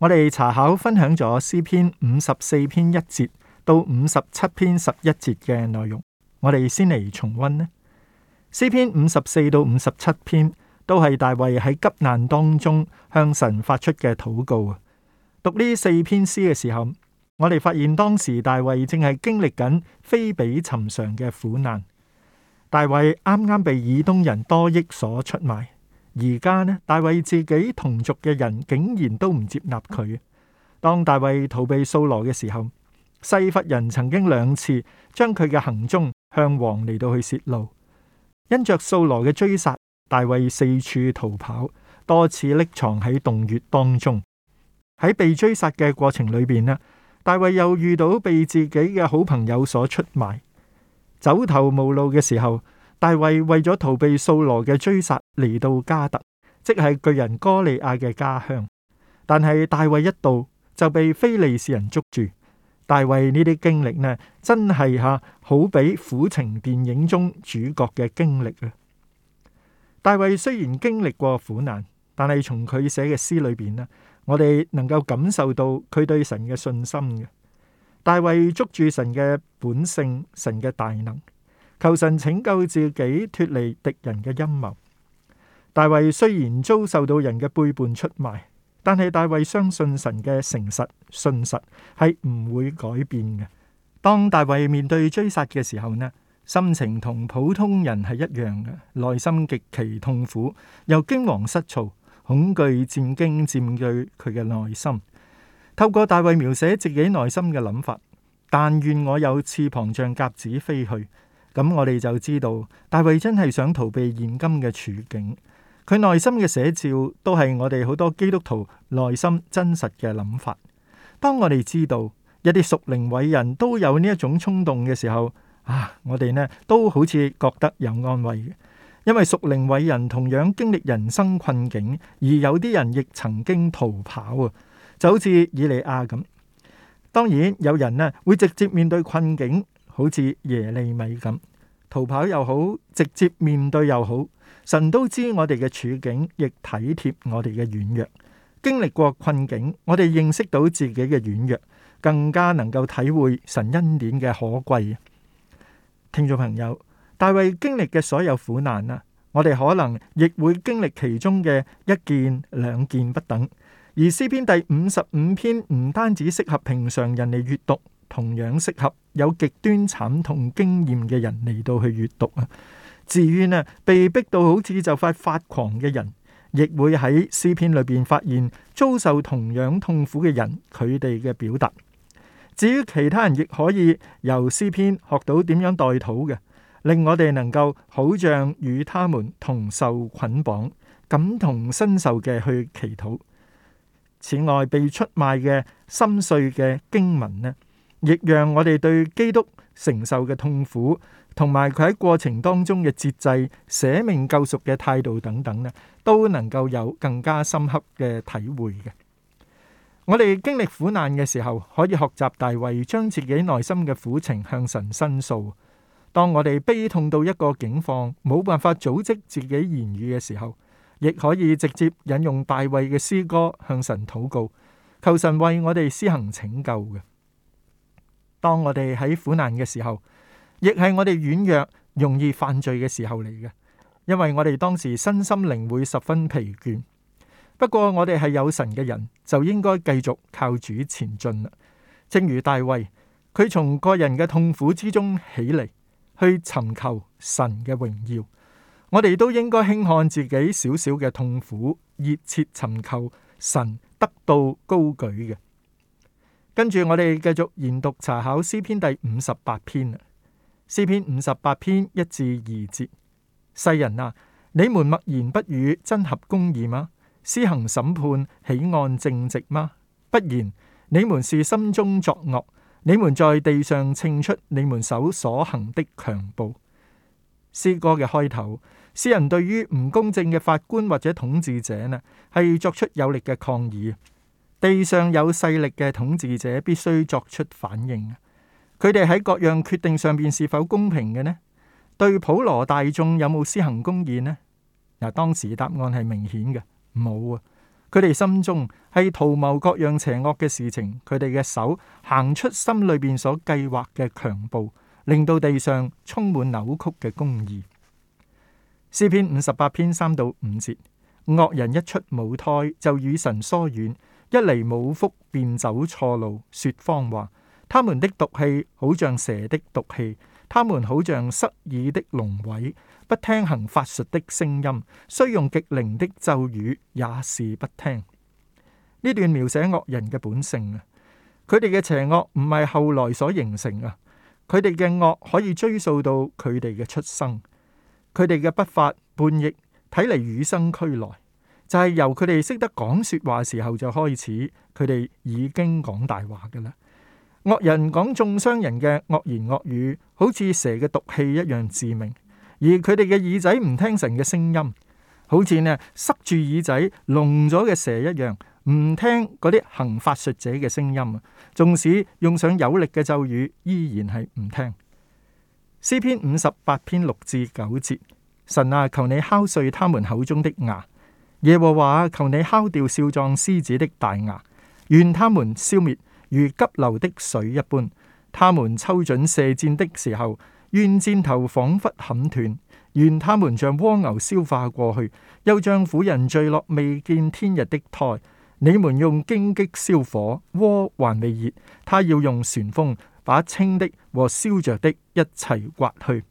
我哋查考分享咗詩篇五十四篇一節到五十七篇十一節嘅內容，我哋先嚟重溫呢。詩篇五十四到五十七篇都係大衛喺急難當中向神發出嘅禱告。讀呢四篇詩嘅時候，我哋發現當時大衛正係經歷緊非比尋常嘅苦難。大衛啱啱被以東人多益所出賣。而家呢？大衛自己同族嘅人竟然都唔接納佢。當大衛逃避掃羅嘅時候，西弗人曾經兩次將佢嘅行蹤向王嚟到去泄露。因着掃羅嘅追殺，大衛四處逃跑，多次匿藏喺洞穴當中。喺被追殺嘅過程裏邊呢，大衛又遇到被自己嘅好朋友所出賣，走投無路嘅時候。大衛為咗逃避掃羅嘅追殺，嚟到加特，即係巨人哥利亞嘅家鄉。但係大衛一到就被非利士人捉住。大衛呢啲經歷呢，真係吓，好比苦情電影中主角嘅經歷啊！大衛雖然經歷過苦難，但係從佢寫嘅詩裏邊呢，我哋能夠感受到佢對神嘅信心嘅。大衛捉住神嘅本性，神嘅大能。求神拯救自己，脫離敵人嘅陰謀。大衛雖然遭受到人嘅背叛、出賣，但係大衛相信神嘅誠實、信實係唔會改變嘅。當大衛面對追殺嘅時候呢，心情同普通人係一樣嘅，內心極其痛苦，又驚惶失措，恐懼戰驚佔據佢嘅內心。透過大衛描寫自己內心嘅諗法，但願我有翅膀，像鴿子飛去。咁我哋就知道大衛真係想逃避現今嘅處境，佢內心嘅寫照都係我哋好多基督徒內心真實嘅諗法。當我哋知道一啲屬靈偉人都有呢一種衝動嘅時候，啊，我哋呢都好似覺得有安慰，因為屬靈偉人同樣經歷人生困境，而有啲人亦曾經逃跑啊，就好似以利亞咁。當然有人呢會直接面對困境。好似耶利米咁，逃跑又好，直接面對又好，神都知我哋嘅處境，亦體貼我哋嘅軟弱。經歷過困境，我哋認識到自己嘅軟弱，更加能夠體會神恩典嘅可貴。聽眾朋友，大衛經歷嘅所有苦難啊，我哋可能亦會經歷其中嘅一件、兩件不等。而詩篇第五十五篇唔單止適合平常人嚟閱讀。同樣適合有極端慘痛經驗嘅人嚟到去閱讀啊。至於呢，被逼到好似就快發狂嘅人，亦會喺詩篇裏邊發現遭受同樣痛苦嘅人，佢哋嘅表達。至於其他人，亦可以由詩篇學到點樣代禱嘅，令我哋能夠好像與他們同受捆綁、感同身受嘅去祈禱。此外，被出賣嘅心碎嘅經文呢，亦讓我哋對基督承受嘅痛苦，同埋佢喺過程當中嘅節制、捨命救贖嘅態度等等咧，都能夠有更加深刻嘅體會嘅。我哋經歷苦難嘅時候，可以學習大衛將自己內心嘅苦情向神申訴。當我哋悲痛到一個境況，冇辦法組織自己言語嘅時候，亦可以直接引用大衛嘅詩歌向神禱告，求神為我哋施行拯救嘅。當我哋喺苦難嘅時候，亦係我哋軟弱、容易犯罪嘅時候嚟嘅。因為我哋當時身心靈會十分疲倦。不過我哋係有神嘅人，就應該繼續靠主前進啦。正如大衛，佢從個人嘅痛苦之中起嚟，去尋求神嘅榮耀。我哋都應該輕看自己少少嘅痛苦，熱切尋求神，得到高舉嘅。跟住我哋繼續研讀查考詩篇第五十八篇啊，詩篇五十八篇一至二節，世人啊，你們默言不語，真合公義嗎？施行審判，豈按正直嗎？不然，你們是心中作惡，你們在地上稱出你們手所行的強暴。詩歌嘅開頭，詩人對於唔公正嘅法官或者統治者呢，係作出有力嘅抗議。地上有勢力嘅統治者必須作出反應。佢哋喺各樣決定上邊是否公平嘅呢？對普羅大眾有冇施行公義呢？嗱，當時答案係明顯嘅，冇啊。佢哋心中係圖謀各樣邪惡嘅事情，佢哋嘅手行出心裏邊所計劃嘅強暴，令到地上充滿扭曲嘅公義。詩篇五十八篇三到五節：惡人一出母胎，就與神疏遠。一離母腹便走錯路，說謊話。他們的毒氣好像蛇的毒氣，他們好像塞耳的聾虺，不聽行法術的聲音，雖用極靈的咒語，也是不聽。呢段描寫惡人嘅本性啊，佢哋嘅邪惡唔係後來所形成啊，佢哋嘅惡可以追溯到佢哋嘅出生，佢哋嘅不法叛逆，睇嚟與生俱來。就係由佢哋識得講說話時候就開始，佢哋已經講大話噶啦。惡人講中傷人嘅惡言惡語，好似蛇嘅毒氣一樣致命。而佢哋嘅耳仔唔聽神嘅聲音，好似呢塞住耳仔聾咗嘅蛇一樣，唔聽嗰啲行法術者嘅聲音啊。縱使用上有力嘅咒語，依然係唔聽。詩篇五十八篇六至九節：神啊，求你敲碎他們口中的牙。耶和華，求你敲掉少壯獅子的大牙，願他們消滅如急流的水一般；他們抽準射箭的時候，願箭頭仿佛砍斷；願他們像蝸牛消化過去，又像婦人墜落未見天日的胎。你們用荊棘燒火，鍋還未熱，他要用旋風把青的和燒着的一齊刮去。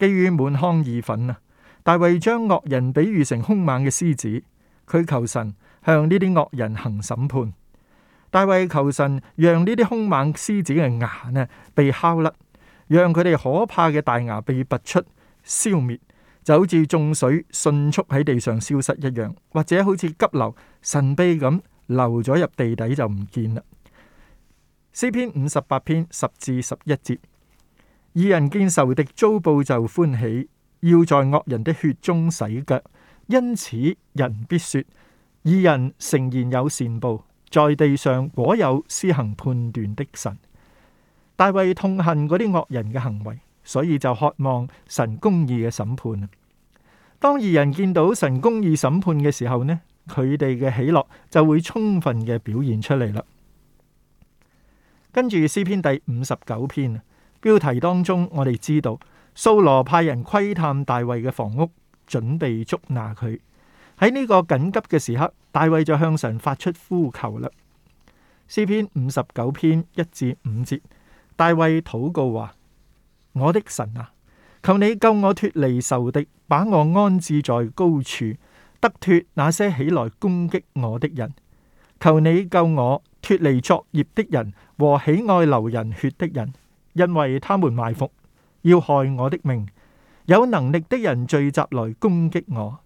基於滿腔義憤啊！大衛將惡人比喻成兇猛嘅獅子，佢求神向呢啲惡人行審判。大衛求神讓呢啲兇猛獅子嘅牙呢被敲甩，讓佢哋可怕嘅大牙被拔出，消滅就好似眾水迅速喺地上消失一樣，或者好似急流神秘咁流咗入地底就唔見啦。詩篇五十八篇十至十一節，二人見仇敵遭報就歡喜。要在惡人的血中洗腳，因此人必說：義人誠然有善報，在地上果有施行判斷的神。大衛痛恨嗰啲惡人嘅行為，所以就渴望神公義嘅審判啊！當義人見到神公義審判嘅時候呢，佢哋嘅喜樂就會充分嘅表現出嚟啦。跟住詩篇第五十九篇標題當中，我哋知道。掃羅派人窺探大衛嘅房屋，準備捉拿佢。喺呢個緊急嘅時刻，大衛就向神發出呼求啦。詩篇五十九篇一至五節，大衛禱告話：我的神啊，求你救我脫離仇敵，把我安置在高處，得脫那些起來攻擊我的人。求你救我脫離作孽的人和喜愛流人血的人，因為他們埋伏要害我的命，有能力的人聚集來攻擊我。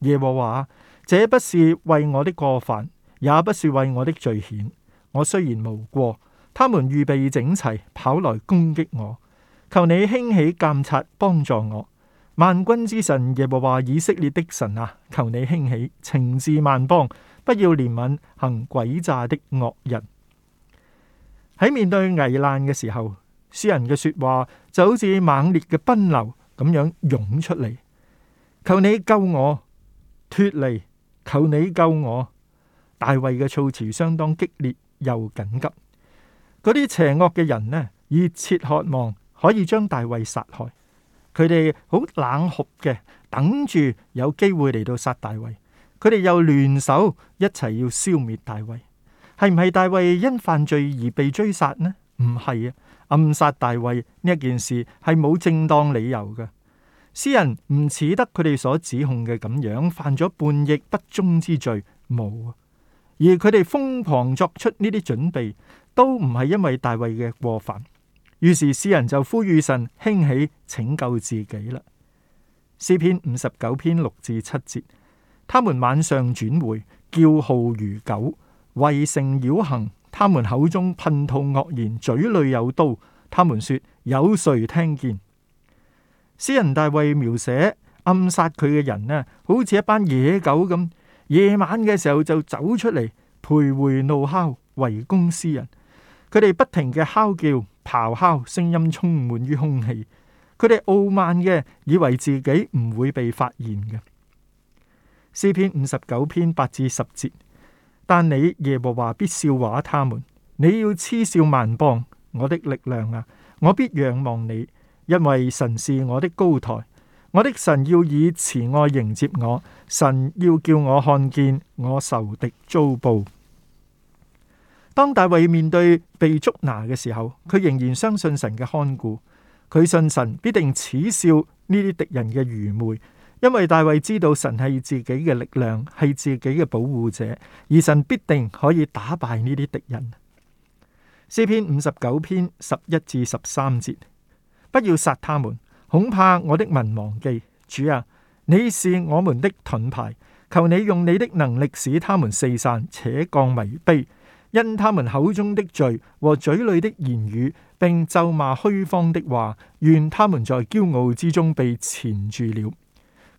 耶和華，這不是為我的過犯，也不是為我的罪險。我雖然無過，他們預備整齊，跑來攻擊我。求你興起監察，幫助我。萬軍之神耶和華以色列的神啊，求你興起，懲治萬邦，不要憐憫行詭詐的惡人。喺面對危難嘅時候，詩人嘅說話就好似猛烈嘅奔流咁樣湧出嚟，求你救我脫離，求你救我。大衛嘅措辭相當激烈又緊急。嗰啲邪惡嘅人呢，熱切渴望可以將大衛殺害。佢哋好冷酷嘅，等住有機會嚟到殺大衛。佢哋又聯手一齊要消滅大衛。係唔係大衛因犯罪而被追殺呢？唔係啊。暗殺大衛呢一件事係冇正當理由嘅，詩人唔似得佢哋所指控嘅咁樣犯咗叛逆不忠之罪，冇啊！而佢哋瘋狂作出呢啲準備，都唔係因為大衛嘅過犯。於是詩人就呼籲神興起拯救自己啦。詩篇五十九篇六至七節，他們晚上轉回，叫號如狗，圍城繞行。他們口中噴吐惡言，嘴裏有刀。他們說有誰聽見？詩人大衛描寫暗殺佢嘅人呢，好似一班野狗咁。夜晚嘅時候就走出嚟，徘徊怒哮，圍攻詩人。佢哋不停嘅哮叫、咆哮，聲音充滿於空氣。佢哋傲慢嘅，以為自己唔會被發現嘅。詩篇五十九篇八至十節。但你耶和華必笑話他們，你要嗤笑萬邦，我的力量啊！我必仰望你，因為神是我的高台。我的神要以慈愛迎接我，神要叫我看見我仇敵遭報。當大衛面對被捉拿嘅時候，佢仍然相信神嘅看顧，佢信神必定恥笑呢啲敵人嘅愚昧。因為大衛知道神係自己嘅力量，係自己嘅保護者，而神必定可以打敗呢啲敵人。詩篇五十九篇十一至十三節：不要殺他們，恐怕我的民忘記。主啊，你是我們的盾牌，求你用你的能力使他們四散，且降為卑，因他們口中的罪和嘴裏的言語，並咒罵虛謊的話，願他們在驕傲之中被纏住了。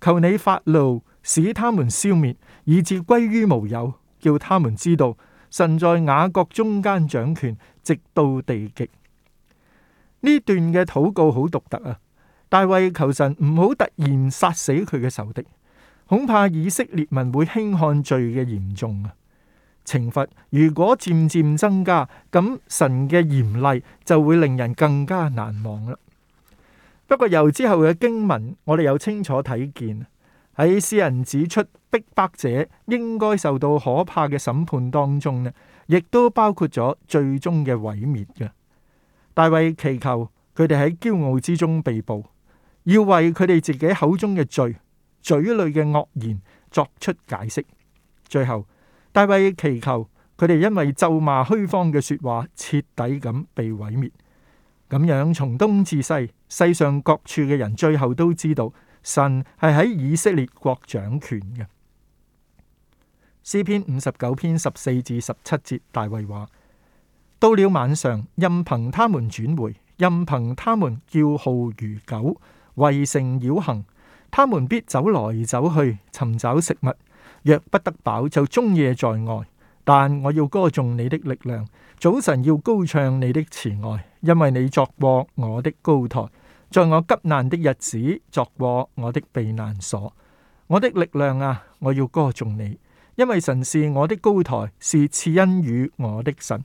求你發怒，使他們消滅，以致歸於無有，叫他們知道神在雅各中間掌權，直到地極。呢段嘅禱告好獨特啊！大衛求神唔好突然殺死佢嘅仇敵，恐怕以色列民會輕看罪嘅嚴重啊！懲罰如果漸漸增加，咁神嘅嚴厲就會令人更加難忘啦。不過由之後嘅經文，我哋又清楚睇見喺詩人指出逼迫者應該受到可怕嘅審判當中呢，亦都包括咗最終嘅毀滅嘅。大衛祈求佢哋喺驕傲之中被捕，要為佢哋自己口中嘅罪、嘴裏嘅惡言作出解釋。最後，大衛祈求佢哋因為咒罵虛謊嘅說話，徹底咁被毀滅。咁樣從東至西，世上各處嘅人最後都知道神係喺以色列國掌權嘅。詩篇五十九篇十四至十七節，大衛話：到了晚上，任憑他們轉回，任憑他們叫號如狗，圍城繞行，他們必走來走去，尋找食物，若不得飽，就終夜在外。但我要歌頌你的力量，早晨要高唱你的慈愛，因為你作過我的高台，在我急難的日子作過我的避難所。我的力量啊，我要歌頌你，因為神是我的高台，是賜恩與我的神。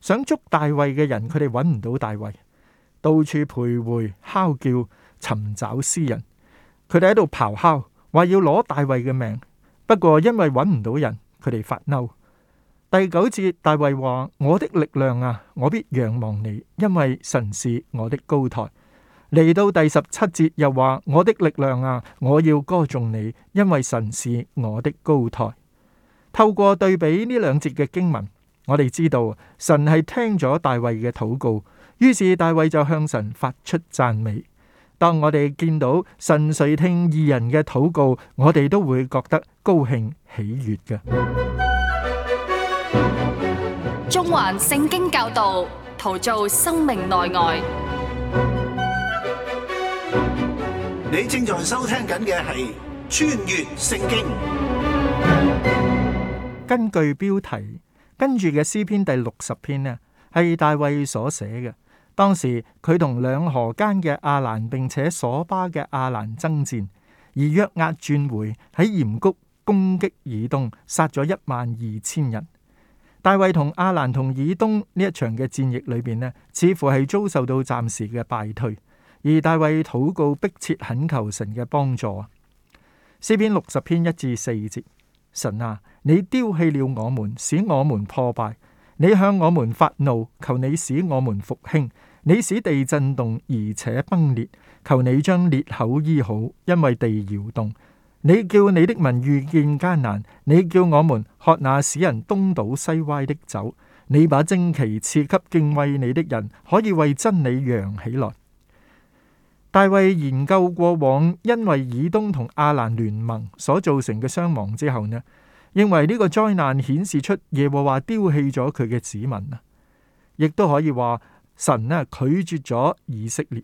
想捉大衛嘅人，佢哋揾唔到大衛，到處徘徊、敲叫、尋找詩人，佢哋喺度咆哮，話要攞大衛嘅命。不過因為揾唔到人。佢哋發嬲。第九節，大衛話：我的力量啊，我必仰望你，因為神是我的高台。嚟到第十七節又話：我的力量啊，我要歌頌你，因為神是我的高台。透過對比呢兩節嘅經文，我哋知道神係聽咗大衛嘅禱告，於是大衛就向神發出讚美。當我哋見到神垂聽二人嘅禱告，我哋都會覺得高興喜悅嘅。中環聖經教導，陶造生命內外。你正在收聽緊嘅係《穿越聖經》。根據標題，跟住嘅詩篇第六十篇呢，係大衛所寫嘅。當時佢同兩河間嘅亞蘭，並且所巴嘅亞蘭爭戰，而約押轉回喺鹽谷攻擊以東，殺咗一萬二千人。大衛同亞蘭同以東呢一場嘅戰役裏邊呢，似乎係遭受到暫時嘅敗退。而大衛禱告迫切懇求神嘅幫助。詩篇六十篇一至四節：神啊，你丟棄了我們，使我們破敗；你向我們發怒，求你使我們復興。你使地震動，而且崩裂，求你將裂口醫好，因為地搖動。你叫你的民遇見艱難，你叫我們喝那使人東倒西歪的酒。你把旌旗賜給敬畏你的人，可以為真理揚起來。大衛研究過往因為以東同亞蘭聯盟所造成嘅傷亡之後呢，認為呢個災難顯示出耶和華丟棄咗佢嘅子民啊，亦都可以話。神呢拒絕咗以色列，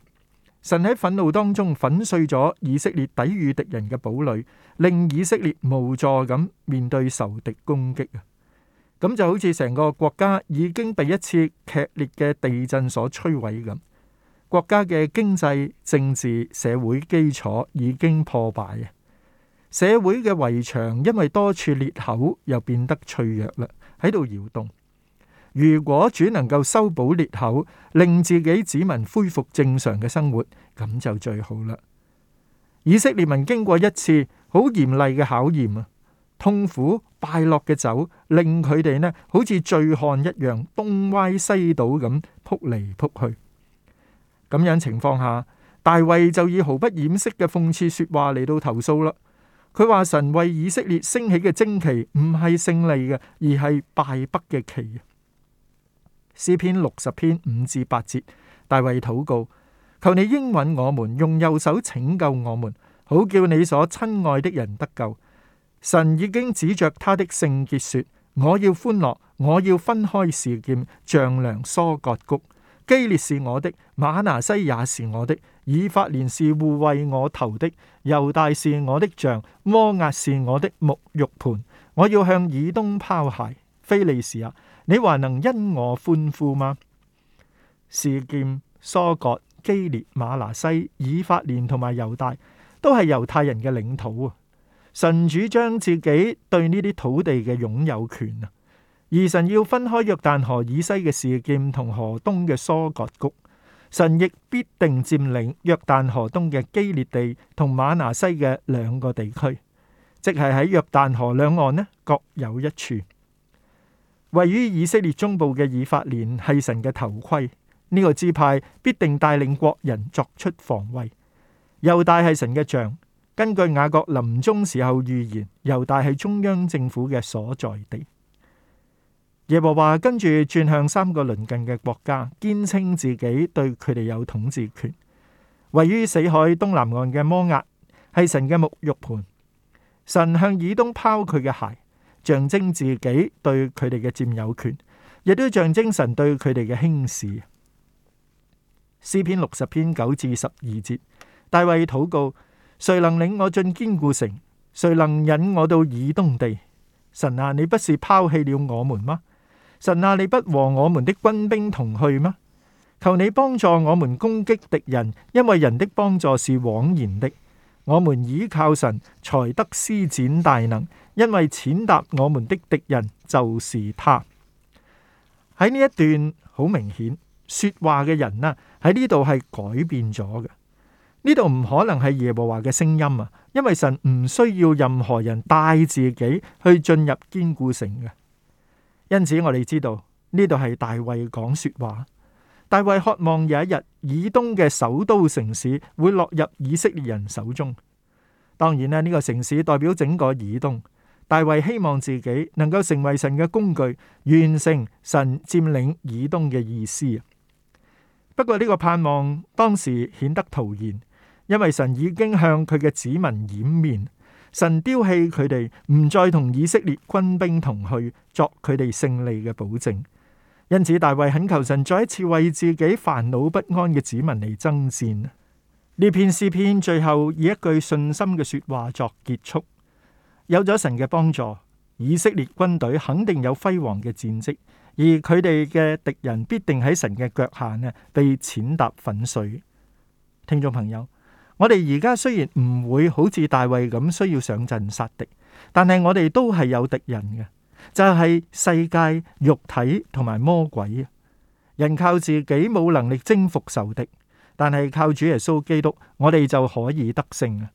神喺憤怒當中粉碎咗以色列抵禦敵人嘅堡壘，令以色列無助咁面對仇敵攻擊啊！咁就好似成個國家已經被一次劇烈嘅地震所摧毀咁，國家嘅經濟、政治、社會基礎已經破敗，社會嘅圍牆因為多處裂口又變得脆弱喇，喺度搖動。如果主能夠修補裂口，令自己子民恢復正常嘅生活，咁就最好啦。以色列民經過一次好嚴厲嘅考驗啊，痛苦敗落嘅酒，令佢哋呢好似醉漢一樣東歪西倒咁撲嚟撲去。咁樣情況下，大衛就以毫不掩飾嘅諷刺說話嚟到投訴啦。佢話神為以色列升起嘅旌旗唔係勝利嘅，而係敗北嘅旗啊！詩篇六十篇五至八節，大衛禱告：求你應允我們，用右手拯救我們，好叫你所親愛的人得救。神已經指着他的聖潔說：我要歡樂，我要分開示劍，丈量疏割谷。基列是我的，瑪拿西也是我的，以法蓮是護衛我頭的，猶大是我的杖，摩押是我的沐浴盆。我要向以東拋鞋，非利士啊！你還能因我歡呼嗎？示劍、疏割、基列、馬拿西、以法蓮同埋猶大，都係猶太人嘅領土啊！神主張自己對呢啲土地嘅擁有權啊！而神要分開約旦河以西嘅示劍同河東嘅疏割谷，神亦必定佔領約旦河東嘅基列地同馬拿西嘅兩個地區，即係喺約旦河兩岸呢，各有一處。位於以色列中部嘅以法蓮係神嘅頭盔，呢、這個支派必定帶領國人作出防衛。猶大係神嘅像，根據雅各臨終時候預言，猶大係中央政府嘅所在地。耶和華跟住轉向三個鄰近嘅國家，堅稱自己對佢哋有統治權。位於死海東南岸嘅摩押係神嘅沐浴盆，神向以東拋佢嘅鞋。象徵自己對佢哋嘅佔有權，亦都象徵神對佢哋嘅輕視。詩篇六十篇九至十二節，大衛禱告：誰能領我進堅固城？誰能引我到以東地？神啊，你不是拋棄了我們嗎？神啊，你不和我們的軍兵同去嗎？求你幫助我們攻擊敵人，因為人的幫助是枉然的。我們依靠神才得施展大能，因為踐踏我們的敵人就是他。喺呢一段好明顯，說話嘅人呢，喺呢度係改變咗嘅。呢度唔可能係耶和華嘅聲音啊，因為神唔需要任何人帶自己去進入堅固城嘅。因此我哋知道呢度係大衛講說話。大衛渴望有一日，以東嘅首都城市會落入以色列人手中。當然咧，呢個城市代表整個以東。大衛希望自己能夠成為神嘅工具，完成神佔領以東嘅意思。不過呢個盼望當時顯得徒然，因為神已經向佢嘅子民掩面，神丟棄佢哋，唔再同以色列軍兵同去作佢哋勝利嘅保證。因此，大衛懇求神再一次為自己煩惱不安嘅子民嚟爭戰。呢篇詩篇最後以一句信心嘅說話作結束。有咗神嘅幫助，以色列軍隊肯定有輝煌嘅戰績，而佢哋嘅敵人必定喺神嘅腳下呢，被踐踏粉碎。聽眾朋友，我哋而家雖然唔會好似大衛咁需要上陣殺敵，但係我哋都係有敵人嘅。就係世界、肉體同埋魔鬼。人靠自己冇能力征服仇敵，但係靠主耶穌基督，我哋就可以得勝。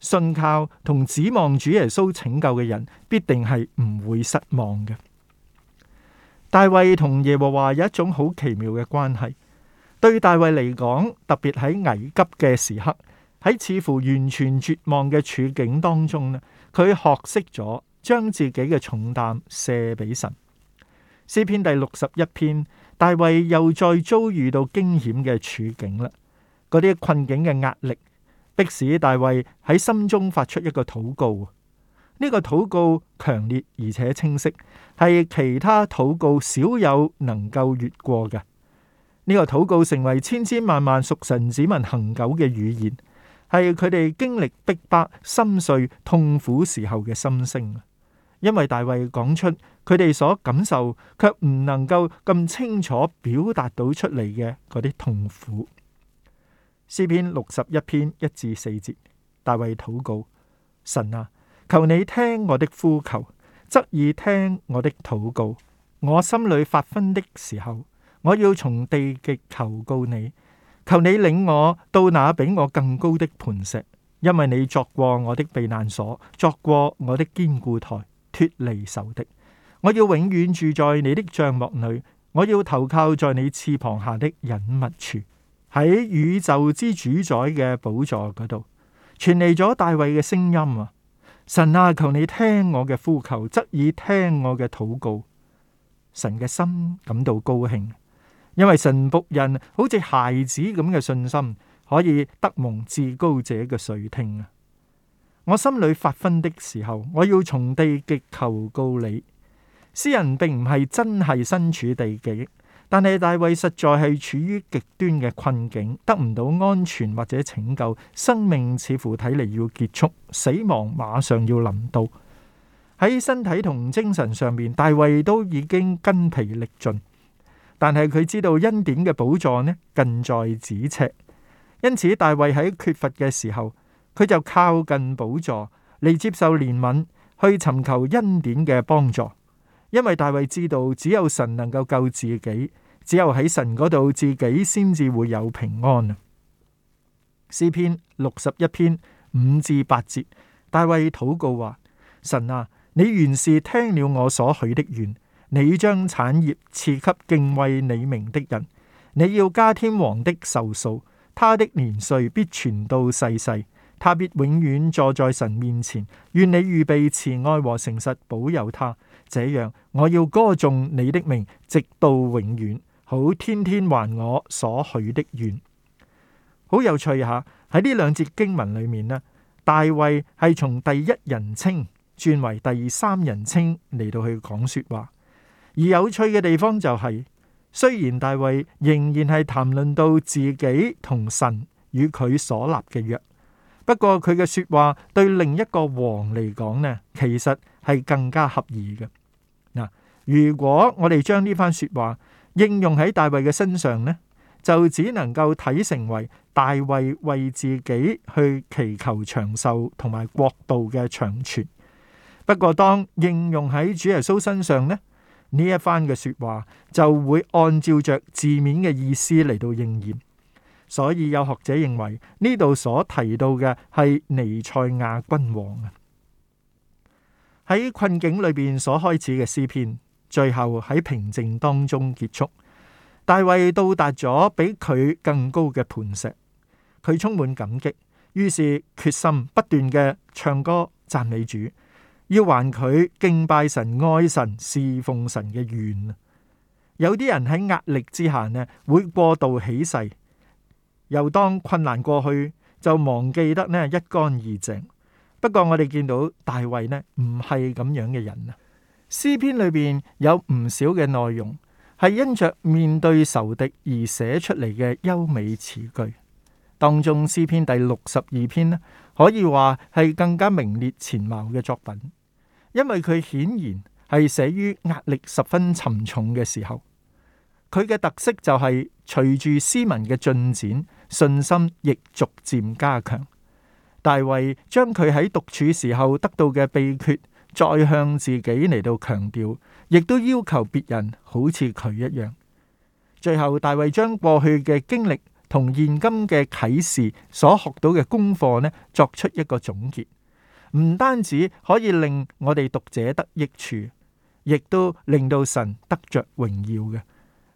信靠同指望主耶穌拯救嘅人，必定係唔會失望嘅。大衛同耶和華有一種好奇妙嘅關係，對大衛嚟講，特別喺危急嘅時刻，喺似乎完全絕望嘅處境當中呢，佢學識咗。將自己嘅重擔卸俾神。詩篇第六十一篇，大衛又再遭遇到驚險嘅處境啦。嗰啲困境嘅壓力，迫使大衛喺心中發出一個禱告。呢個禱告強烈而且清晰，係其他禱告少有能夠越過嘅。呢個禱告成為千千萬萬屬神子民恒久嘅語言，係佢哋經歷逼迫、心碎、痛苦時候嘅心聲。因為大衛講出佢哋所感受，却唔能夠咁清楚表達到出嚟嘅嗰啲痛苦。詩篇六十一篇一至四節，大衛禱告：神啊，求你聽我的呼求，側耳聽我的禱告。我心裏發昏的時候，我要從地極求告你，求你領我到那比我更高的磐石，因為你作過我的避難所，作過我的堅固台。脫離仇敵，我要永遠住在你的帳幕裏，我要投靠在你翅膀下的隱密處，喺宇宙之主宰嘅寶座嗰度，傳嚟咗大衛嘅聲音啊！神啊，求你聽我嘅呼求，側耳聽我嘅禱告。神嘅心感到高興，因為神僕人好似孩子咁嘅信心，可以得蒙至高者嘅垂聽啊！我心裏發昏的時候，我要從地極求告你。詩人並唔係真係身處地極，但係大衛實在係處於極端嘅困境，得唔到安全或者拯救，生命似乎睇嚟要結束，死亡馬上要臨到。喺身體同精神上面，大衛都已經筋疲力盡，但係佢知道恩典嘅寶藏呢近在咫尺，因此大衛喺缺乏嘅時候。佢就靠近寶座嚟，接受憐憫，去尋求恩典嘅幫助。因為大衛知道只有神能夠救自己，只有喺神嗰度自己先至會有平安啊。詩篇六十一篇五至八節，大衛禱告話：神啊，你原是聽了我所許的願，你將產業賜給敬畏你名的人，你要加添王的壽數，他的年歲必傳到世世。他必永遠坐在神面前，願你預備慈愛和誠實，保佑他。這樣我要歌頌你的名，直到永遠，好天天還我所許的願。好有趣下喺呢兩節經文裏面呢，大衛係從第一人稱轉為第三人稱嚟到去講說話。而有趣嘅地方就係，雖然大衛仍然係談論到自己同神與佢所立嘅約。不過佢嘅說話對另一個王嚟講呢，其實係更加合意嘅。嗱，如果我哋將呢番說話應用喺大衛嘅身上呢，就只能夠睇成為大衛為自己去祈求長壽同埋國度嘅長存。不過當應用喺主耶穌身上呢，呢一番嘅說話就會按照着字面嘅意思嚟到應驗。所以有學者認為呢度所提到嘅係尼塞亞君王啊。喺困境裏邊所開始嘅詩篇，最後喺平靜當中結束。大衛到達咗比佢更高嘅磐石，佢充滿感激，於是決心不斷嘅唱歌讚美主，要還佢敬拜神、愛神、侍奉神嘅願。有啲人喺壓力之下咧，會過度起誓。又當困難過去，就忘記得呢，一乾二淨。不過我哋見到大衛呢，唔係咁樣嘅人啊。詩篇裏邊有唔少嘅內容係因着面對仇敵而寫出嚟嘅優美詞句。當中詩篇第六十二篇呢，可以話係更加名列前茅嘅作品，因為佢顯然係寫於壓力十分沉重嘅時候。佢嘅特色就係、是。隨住詩文嘅進展，信心亦逐漸加強。大衛將佢喺獨處時候得到嘅秘訣，再向自己嚟到強調，亦都要求別人好似佢一樣。最後，大衛將過去嘅經歷同現今嘅啟示所學到嘅功課呢，作出一個總結，唔單止可以令我哋讀者得益處，亦都令到神得着榮耀嘅。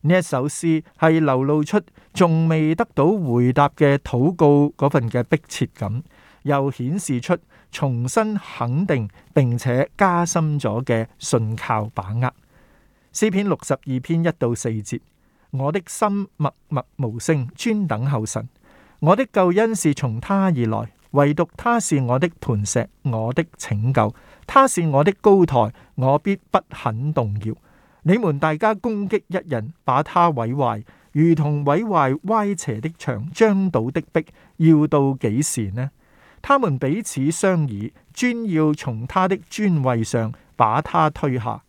呢一首詩係流露出仲未得到回答嘅禱告嗰份嘅迫切感，又顯示出重新肯定並且加深咗嘅信靠把握。詩篇六十二篇一到四節：我的心默默無聲，專等候神。我的救恩是從他而來，唯獨他是我的磐石，我的拯救。他是我的高台，我必不肯動搖。你們大家攻擊一人，把他毀壞，如同毀壞歪斜的牆、將倒的壁，要到幾時呢？他們彼此相倚，專要從他的尊位上把他推下。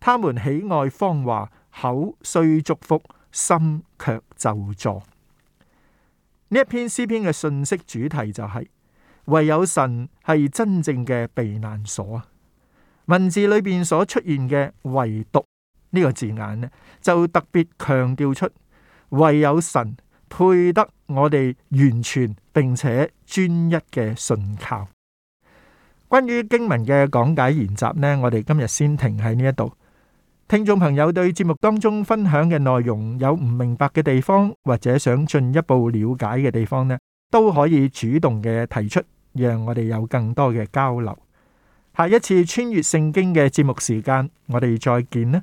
他們喜愛謊話，口雖祝福，心卻咒詛。呢一篇詩篇嘅信息主題就係、是、唯有神係真正嘅避難所。文字裏邊所出現嘅唯獨。呢個字眼呢，就特別強調出唯有神配得我哋完全並且專一嘅信靠。關於經文嘅講解研習呢，我哋今日先停喺呢一度。聽眾朋友對節目當中分享嘅內容有唔明白嘅地方，或者想進一步了解嘅地方呢，都可以主動嘅提出，讓我哋有更多嘅交流。下一次穿越聖經嘅節目時間，我哋再見啦！